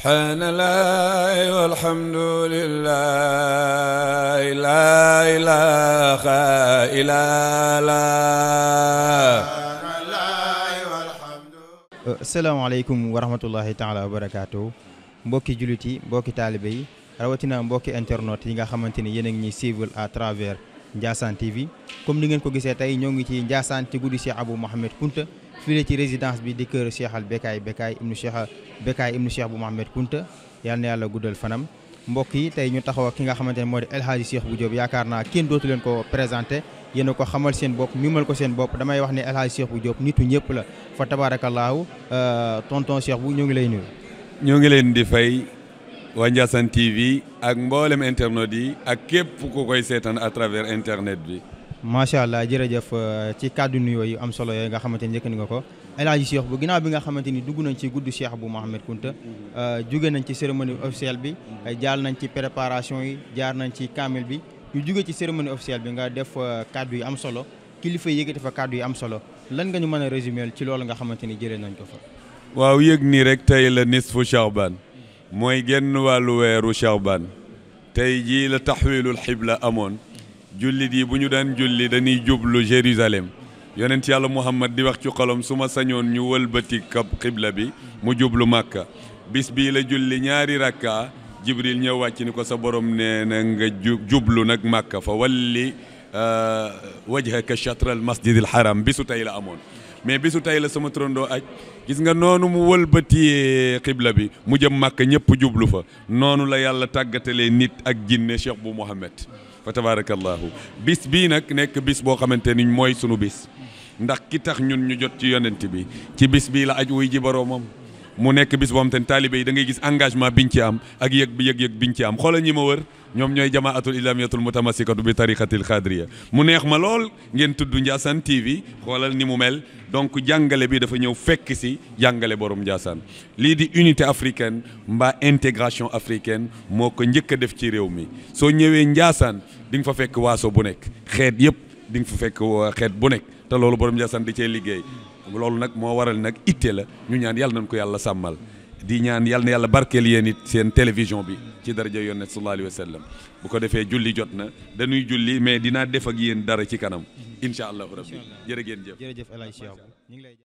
سبحان الله والحمد لله لا إله إلا الله السلام عليكم ورحمة الله تعالى وبركاته مبوكي جلوتي مبوكي طالبي رواتنا مبوكي انترنت نيغا خمانتيني ينيني سيفول اترافير Ndiassane TV comme ni ngeen ko gisee tey ñoo ngi ci Ndiassane ci guddi Cheikh Abou Mouhamed Kounta fii ci résidence bi di kër Cheikh al Bekaay Bekaay ibnu Cheikh Bekaay ibnu Cheikh Abou Mouhamed Kounta yal na yàlla guddal fanam mbokk yi tey ñu taxaw ak ki nga xamante ne moo di El Hadji bu Bou yaakaar naa kenn dootu leen ko présenté yéen ko xamal seen bopp mimal ko seen bopp damay wax ne El Hadji Cheikh Bou Diop nitu ñëpp la fa tabaarakallaahu euh, tonton Cheikh bu ñoo ngi lay nuyu. ñoo ngi leen di waa Ndiassane TV ak mboolem internet yi ak képp ku koy seetaan à travers internet bi. macha allah jërëjëf euh, ci kàddu nuyoo yi am solo yooyu nga xamante ni njëkk nga ko El Hadj Cheikh bu ginnaaw bi nga xamante ni dugg nañ ci guddi Cheikh bu Mouhamed Kounta euh, jóge nañ ci cérémonie officielle bi euh, jaar nañ ci préparation yi jaar nañ ci kaamil bi ñu jóge ci cérémonie officielle bi nga def kàddu yi am solo kilifa yëkkati fa kàddu yi am solo lan nga ñu mën a résumer ci loolu nga xamante ni jëlee nañ ko fa. waaw yëg nii rek tey la nisfu Sha'ban mooy genn wàllu weeru Sha'ban tey jii la taxwiilul xibla amoon jullit yi bu ñu daan julli dañuy jublu Jérusalem yonent yàlla Muhammad di wax ci xolom su ma sañoon ñu wëlbati kab xibla bi mu jublu Màkka bis bii la julli ñaari rakka Jibril ñëw wàcc ni ko sa borom nee na nga jublu nag Màkka fa walli wajhaka shatral masjidil haram bisu tey la amoon mais bisu tey la sama trondoo aj gis nga noonu mu wëlbatiyee xibla bi mu jëm màkk ñëpp jublu fa noonu la yàlla tàggatale nit ak jinne cheikh bu Mohamed fa tabarakallahu bis bii nag nekk bis boo xamante ni mooy sunu bis ndax ki tax ñun ñu jot ci yonent bi ci bis bii la aj wuy ji boroomam mu nekk bis boo xam te taalibe yi dangay ngay gis engagement biñ ci am ak yëg bi yëg-yëg biñ ci am xoolal ñi ma wër ñoom ñooy jamaatul islamiyatul mutamassikatu bi tariqatil xaadiriya mu neex ma lool ngeen tudd Ndiassane TV xoolal ni mu mel donc jàngale bi dafa ñëw fekk si jàngale borom Ndiassane lii di unité africaine mbaa intégration africaine moo ko njëkk a def ci réew mi soo ñëwee Ndiassane di nga fa fekk waaso bu nekk xeet yëpp di nga fa fekk xeet bu nekk te loolu borom Ndiassane di cee liggéey loolu nag moo waral nag itte la ñu ñaan yàlla nañ ko yàlla sàmmal di ñaan yàlla na yàlla barkeel yéen it seen télévision bi ci daraja yoon sallallahu alayhi wa sallam bu ko defee julli jot na dañuy julli mais dinaa def ak yéen dara ci kanam incha allahu rabbi jërë ngeen jëf jërëjëf El Hadj Cheikh